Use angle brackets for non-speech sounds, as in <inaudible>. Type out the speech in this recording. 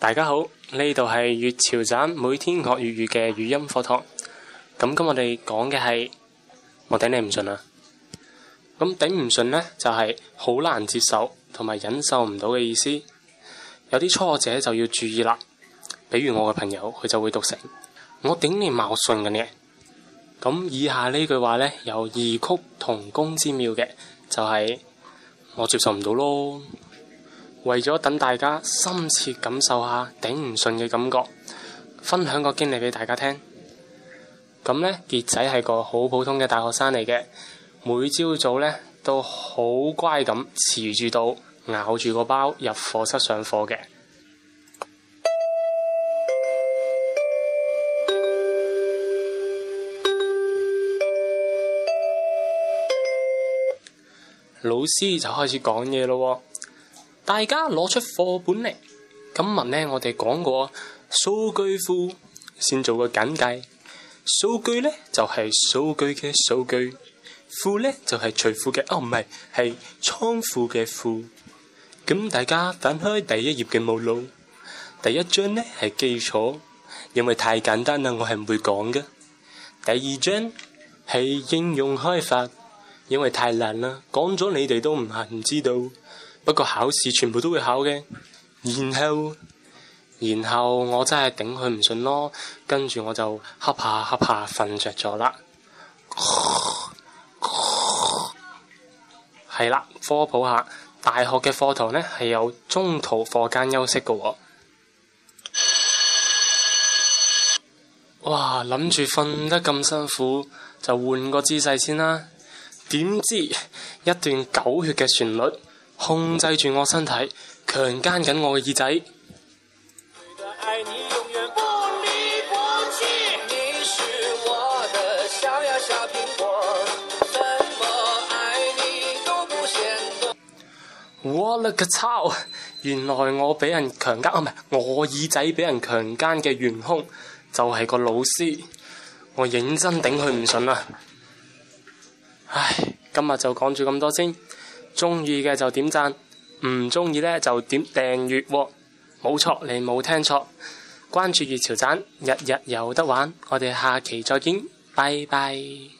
大家好，呢度係粵潮盞每天學粵語嘅語音課堂。咁今日我哋講嘅係我頂你唔順呀。咁頂唔順呢，就係好難接受同埋忍受唔到嘅意思。有啲初學者就要注意啦。比如我嘅朋友，佢就會讀成我頂你茂順嘅呢。咁以下呢句話呢，有異曲同工之妙嘅，就係我接受唔到咯。為咗等大家深切感受下頂唔順嘅感覺，分享個經歷俾大家聽。咁呢，傑仔係個好普通嘅大學生嚟嘅，每朝早呢都好乖咁，遲住到咬住個包入課室上課嘅。老師就開始講嘢咯。大家攞出課本嚟，今日呢，我哋講過數據庫，先做個簡介。數據呢，就係、是、數據嘅數據，庫呢就係儲庫嘅哦，唔係係倉庫嘅庫。咁、嗯、大家翻開第一頁嘅目錄，第一章呢係基礎，因為太簡單啦，我係唔會講嘅。第二章係應用開發，因為太難啦，講咗你哋都唔係唔知道。不過考試全部都會考嘅，然後然後我真係頂佢唔順咯。跟住我就瞌下瞌下瞓着咗啦。係 <laughs> 啦、 <laughs> 嗯，科普下大學嘅課堂呢係有中途課間休息嘅喎、哦。哇！諗住瞓得咁辛苦就換個姿勢先啦，點知一段狗血嘅旋律。控制住我身體，強姦緊我嘅耳仔。你的愛你永遠不離不棄，你是我的小呀小蘋果，怎麼愛你都不嫌多。我勒個操！Child! 原來我俾人強姦啊，唔係我耳仔俾人強姦嘅元凶就係個老師。我認真頂佢唔順啦。唉，今日就講住咁多先。鍾意嘅就點讚，唔鍾意咧就點訂閱喎，冇錯，你冇聽錯，關注粵潮站，日日有得玩，我哋下期再見，拜拜。